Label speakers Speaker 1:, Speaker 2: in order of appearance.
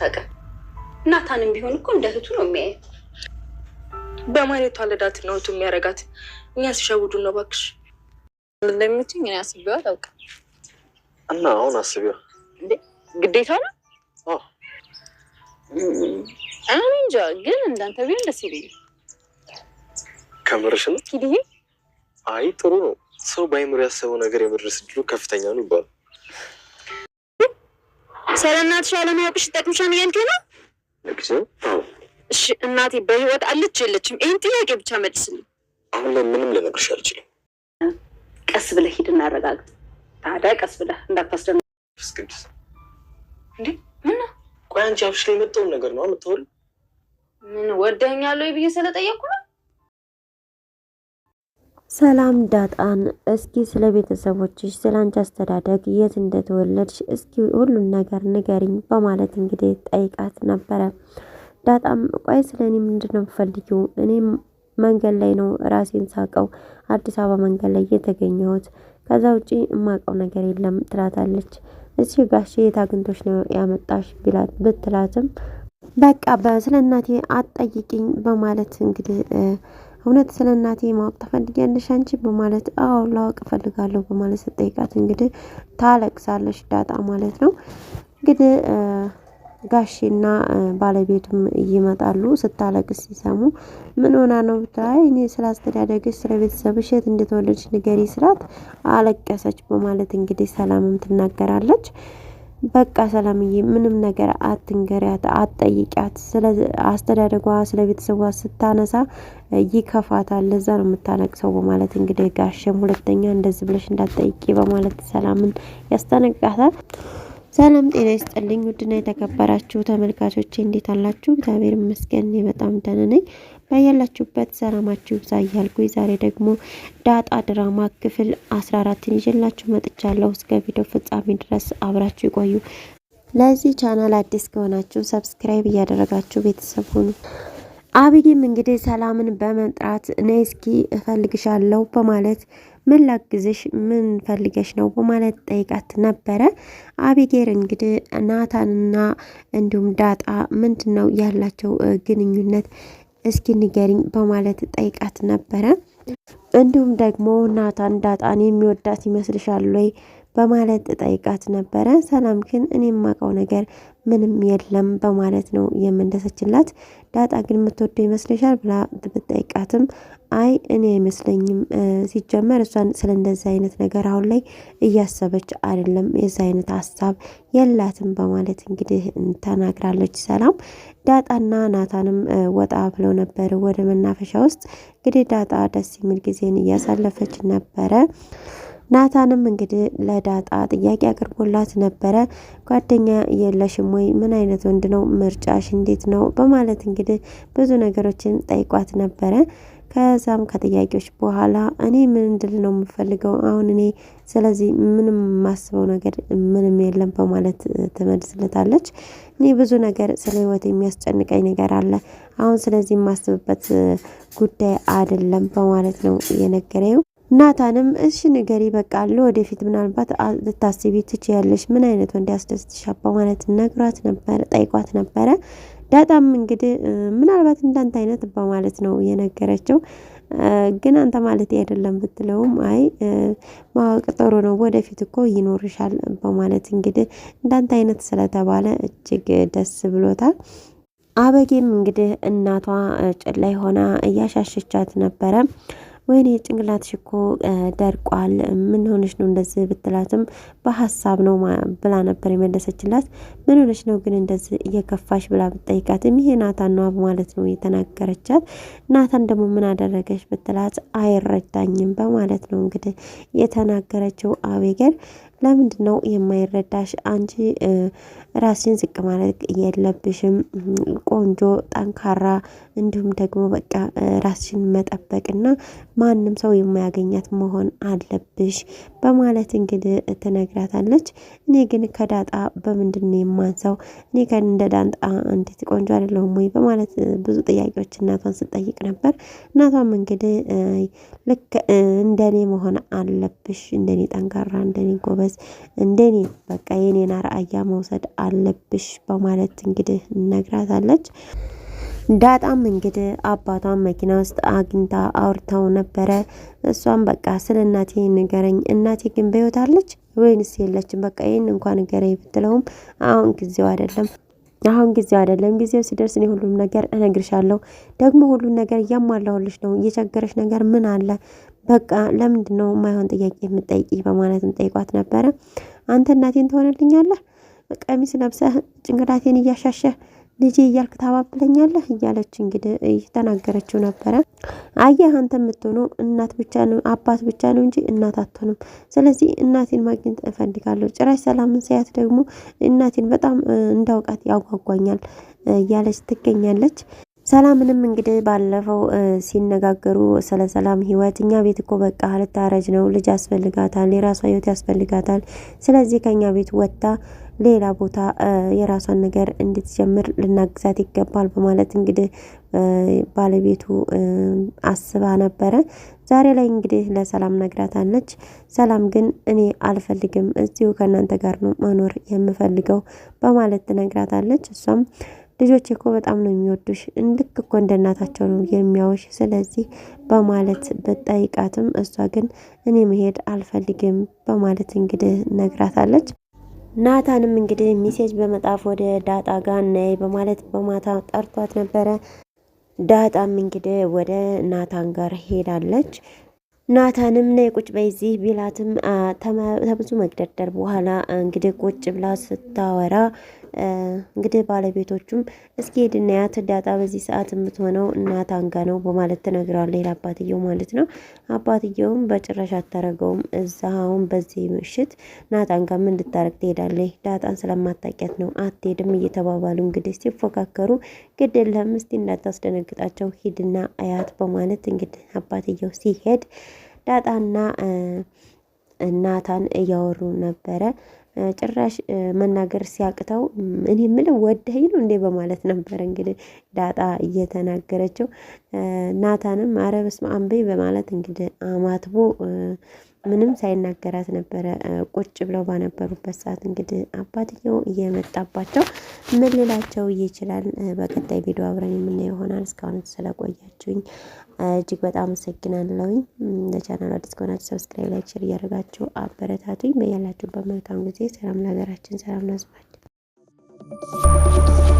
Speaker 1: ታውቅም። ናታንም ቢሆን እኮ እንደ እህቱ ነው የሚያየ። በማለቷ ልዳት ነው እህቱ የሚያረጋት። እኛ ሲሸውዱ ነው እባክሽ። እንደምትኝ እኔ አስቤው አላውቅም።
Speaker 2: እና አሁን አስቤው ግዴታ ነው።
Speaker 1: እኔ እንጃ ግን እንዳንተ ቢሆን ደስ ይለኛል።
Speaker 2: ከምርሽ ነው? አይ ጥሩ ነው። ሰው በአይምሮ ያሰበው ነገር የመድረስ እድሉ ከፍተኛ ነው ይባላል።
Speaker 1: ስለ እናትሽ አለማወቅሽ ይጠቅምሻል እያልከኝ ነው? እሺ እናቴ በህይወት አለች የለችም? ይህን ጥያቄ ብቻ መልስልኝ።
Speaker 2: አሁን ላይ ምንም ልነግርሽ አልችልም።
Speaker 1: ቀስ ብለህ ሂድ እናረጋግጥ። ታዲያ ቀስ ብለህ እንዳታስደን። ቅዱስ እንዴ ምን ነው?
Speaker 2: ቆይ አንቺ አፍሽ ላይ የመጣውን ነገር ነው የምታወሪው?
Speaker 1: ምን ወደኛለ ብዬ ስለጠየቅኩ ነው
Speaker 3: ሰላም ዳጣን እስኪ ስለ ቤተሰቦችሽ፣ ስለ አንቺ አስተዳደግ፣ የት እንደተወለድሽ እስኪ ሁሉን ነገር ንገሪኝ በማለት እንግዲህ ጠይቃት ነበረ። ዳጣም ቆይ ስለ እኔ ምንድን ነው የምፈልጊው? እኔም መንገድ ላይ ነው ራሴን ሳቀው አዲስ አበባ መንገድ ላይ የተገኘሁት፣ ከዛ ውጪ እማቀው ነገር የለም ትላታለች። እሺ ጋሽ የት አግኝቶሽ ነው ያመጣሽ ብትላትም በቃ በስለ እናቴ አትጠይቂኝ በማለት እንግዲህ እውነት ስለ እናቴ ማወቅ ትፈልጊያለሽ አንቺ? በማለት አዎ ላወቅ እፈልጋለሁ በማለት ስጠይቃት እንግዲህ ታለቅሳለሽ ዳጣ ማለት ነው። እንግዲህ ጋሼና ባለቤቱም ይመጣሉ። ስታለቅስ ሲሰሙ ምን ሆና ነው ብታይ እኔ ስለ አስተዳደግሽ ስለ ቤተሰብሽ የት እንደተወለድሽ ንገሪ ስራት አለቀሰች በማለት እንግዲህ ሰላምም ትናገራለች። በቃ ሰላምዬ ምንም ነገር አትንገሪያት፣ አትጠይቂያት። ስለ አስተዳደጓ ስለ ቤተሰቧ ስታነሳ ይከፋታል። ለዛ ነው የምታነቅሰው በማለት እንግዲህ ጋሸም ሁለተኛ እንደዚህ ብለሽ እንዳትጠይቂ በማለት ሰላምን ያስጠነቅቃታል። ሰላም ጤና ይስጥልኝ ውድና የተከበራችሁ ተመልካቾቼ እንዴት አላችሁ? እግዚአብሔር ይመስገን በጣም ደህና ነኝ። በያላችሁበት ሰላማችሁ ይብዛ ዛሬ ደግሞ ዳጣ ድራማ ክፍል አስራ አራትን ይዤላችሁ መጥቻለሁ። እስከ ቪዲዮ ፍጻሜ ድረስ አብራችሁ ይቆዩ። ለዚህ ቻናል አዲስ ከሆናችሁ ሰብስክራይብ እያደረጋችሁ ቤተሰብ ሁኑ። አብይም እንግዲህ ሰላምን በመጥራት ነይ እስኪ እፈልግሻለሁ በማለት ምን ላግዝሽ፣ ምን ፈልገሽ ነው በማለት ጠይቃት ነበረ። አቢጌር እንግዲህ ናታንና እንዲሁም ዳጣ ምንድን ነው ያላቸው ግንኙነት እስኪ ንገሪኝ በማለት ጠይቃት ነበረ። እንዲሁም ደግሞ ናታን ዳጣን የሚወዳት ይመስልሻል ወይ በማለት ጠይቃት ነበረ። ሰላም ግን እኔ የማውቀው ነገር ምንም የለም በማለት ነው የመለሰችላት። ዳጣ ግን የምትወደው ይመስልሻል ብላ ብትጠይቃትም አይ እኔ አይመስለኝም፣ ሲጀመር እሷን ስለ እንደዚህ አይነት ነገር አሁን ላይ እያሰበች አይደለም፣ የዚ አይነት ሀሳብ የላትም በማለት እንግዲህ ተናግራለች። ሰላም ዳጣና ናታንም ወጣ ብለው ነበር ወደ መናፈሻ ውስጥ። እንግዲህ ዳጣ ደስ የሚል ጊዜን እያሳለፈች ነበረ። ናታንም እንግዲህ ለዳጣ ጥያቄ አቅርቦላት ነበረ። ጓደኛ የለሽም ወይ? ምን አይነት ወንድ ነው ምርጫሽ? እንዴት ነው? በማለት እንግዲህ ብዙ ነገሮችን ጠይቋት ነበረ። ከዛም ከጥያቄዎች በኋላ እኔ ምን እንድል ነው የምፈልገው አሁን እኔ ስለዚህ ምንም የማስበው ነገር ምንም የለም በማለት ትመልስለታለች። እኔ ብዙ ነገር ስለ ህይወት የሚያስጨንቀኝ ነገር አለ አሁን ስለዚህ የማስብበት ጉዳይ አይደለም በማለት ነው የነገረው። ናታንም እሺ ንገሪ በቃ አለ ወደፊት ምናልባት ልታስቢ ትችያለሽ፣ ምን አይነት ወንድ ያስደስትሻል በማለት ነግሯት ነበረ፣ ጠይቋት ነበረ። ዳጣም እንግዲህ ምናልባት እንዳንተ አይነት በማለት ነው የነገረችው። ግን አንተ ማለት አይደለም ብትለውም አይ ማወቅ ጥሩ ነው፣ ወደፊት እኮ ይኖርሻል በማለት እንግዲህ እንዳንተ አይነት ስለተባለ እጅግ ደስ ብሎታል። አበጌም እንግዲህ እናቷ ጭን ላይ ሆና እያሻሸቻት ነበረ። ወይኔ ጭንቅላትሽ እኮ ደርቋል፣ ምን ሆነሽ ነው እንደዚህ ብትላትም በሀሳብ ነው ብላ ነበር የመለሰችላት። ምን ሆነሽ ነው ግን እንደዚህ እየከፋሽ ብላ ብትጠይቃትም ይሄ ናታን ነው ማለት ነው የተናገረቻት። ናታን ደግሞ ምን አደረገሽ ብትላት አይረዳኝም በማለት ነው እንግዲህ የተናገረችው አቤገር ለምንድን ነው የማይረዳሽ? አንቺ ራስሽን ዝቅ ማለት የለብሽም። ቆንጆ፣ ጠንካራ እንዲሁም ደግሞ በቃ ራስሽን መጠበቅና ማንም ሰው የማያገኛት መሆን አለብሽ በማለት እንግዲህ ትነግራታለች። እኔ ግን ከዳጣ በምንድን ነው የማንሰው? እኔ እንደ ዳንጣ እንዴት ቆንጆ አይደለሁም ወይ? በማለት ብዙ ጥያቄዎች እናቷን ስጠይቅ ነበር። እናቷም እንግዲህ ልክ እንደኔ መሆን አለብሽ፣ እንደኔ ጠንካራ፣ እንደኔ ጎበዝ ጎበዝ፣ እንደኔ በቃ የኔን አርአያ መውሰድ አለብሽ በማለት እንግዲህ እነግራታለች። ዳጣም እንግዲህ አባቷን መኪና ውስጥ አግኝታ አውርተው ነበረ። እሷም በቃ ስለ እናቴ ንገረኝ፣ እናቴ ግን በሕይወት አለች ወይንስ የለችም? በቃ ይህን እንኳን ንገረኝ ብትለውም አሁን ጊዜው አይደለም አሁን ጊዜው አይደለም። ጊዜው ሲደርስ እኔ ሁሉም ነገር እነግርሻለሁ። ደግሞ ሁሉም ነገር እያሟላሁልሽ ነው። እየቸገረሽ ነገር ምን አለ? በቃ ለምንድን ነው የማይሆን ጥያቄ የምጠይቅ በማለትም ጠይቋት ነበረ። አንተ እናቴን ትሆንልኛለህ? ቀሚስ ለብሰህ ጭንቅላቴን እያሻሸህ ልጄ እያልክ ታባብለኛለህ እያለች እንግዲህ እየተናገረችው ነበረ። አየህ አንተ የምትሆነው እናት ብቻ ነው አባት ብቻ ነው እንጂ እናት አትሆንም። ስለዚህ እናቴን ማግኘት እፈልጋለሁ። ጭራሽ ሰላምን ሳያት ደግሞ እናቴን በጣም እንዳውቃት ያጓጓኛል እያለች ትገኛለች። ሰላምንም እንግዲህ ባለፈው ሲነጋገሩ ስለ ሰላም ህይወት እኛ ቤት እኮ በቃ ልታረጅ ነው፣ ልጅ ያስፈልጋታል፣ የራሷ ህይወት ያስፈልጋታል። ስለዚህ ከእኛ ቤት ወጥታ ሌላ ቦታ የራሷን ነገር እንድትጀምር ልናግዛት ይገባል በማለት እንግዲህ ባለቤቱ አስባ ነበረ። ዛሬ ላይ እንግዲህ ለሰላም ነግራታለች። ሰላም ግን እኔ አልፈልግም፣ እዚሁ ከእናንተ ጋር ነው መኖር የምፈልገው በማለት ትነግራታለች እሷም ልጆች እኮ በጣም ነው የሚወዱሽ፣ እንድክ እኮ እንደ እናታቸው ነው የሚያውሽ፣ ስለዚህ በማለት በጠይቃትም እሷ ግን እኔ መሄድ አልፈልግም በማለት እንግዲህ ነግራታለች። ናታንም እንግዲህ ሚሴጅ በመጣፍ ወደ ዳጣ ጋር ነይ በማለት በማታ ጠርቷት ነበረ። ዳጣም እንግዲህ ወደ ናታን ጋር ሄዳለች። ናታንም ነይ ቁጭ በይዚህ ቢላትም ተብዙ መግደርደር በኋላ እንግዲህ ቁጭ ብላ ስታወራ እንግዲህ ባለቤቶቹም እስኪ ሄድና ያት ዳጣ በዚህ ሰዓት የምትሆነው እናት አንጋ ነው በማለት ትነግራለች ለአባትየው ማለት ነው። አባትየውም በጭራሽ አታረገውም። እዛ አሁን በዚህ ምሽት ናታን ጋር ምን ልታረግ ትሄዳለች? ዳጣን ስለማታውቂያት ነው አትሄድም እየተባባሉ እንግዲህ ሲፎካከሩ፣ ግድ የለህም እስቲ እንዳታስደነግጣቸው ሂድና አያት በማለት እንግዲህ አባትየው ሲሄድ ዳጣና ናታን እያወሩ ነበረ። ጭራሽ መናገር ሲያቅተው እኔ የምለው ወደኝ ነው እንዴ በማለት ነበር እንግዲህ ዳጣ እየተናገረችው። ናታንም አረ በስመ አብ በይ በማለት እንግዲህ አማትቦ ምንም ሳይናገራት ነበረ ቁጭ ብለው ባነበሩበት ሰዓት እንግዲህ አባትየው እየመጣባቸው ምን ሊላቸው ይችላል? በቀጣይ ቪዲዮ አብረን የምናየው ይሆናል። እስካሁን ስለቆያችሁኝ እጅግ በጣም አመሰግናለሁኝ። ለቻናል አዲስ ከሆናችሁ ሰብስክራይብ፣ ላይክ፣ ሼር እያደረጋችሁ አበረታቱኝ። በያላችሁበት መልካም ጊዜ። ሰላም ለሀገራችን፣ ሰላም ለሕዝባችን።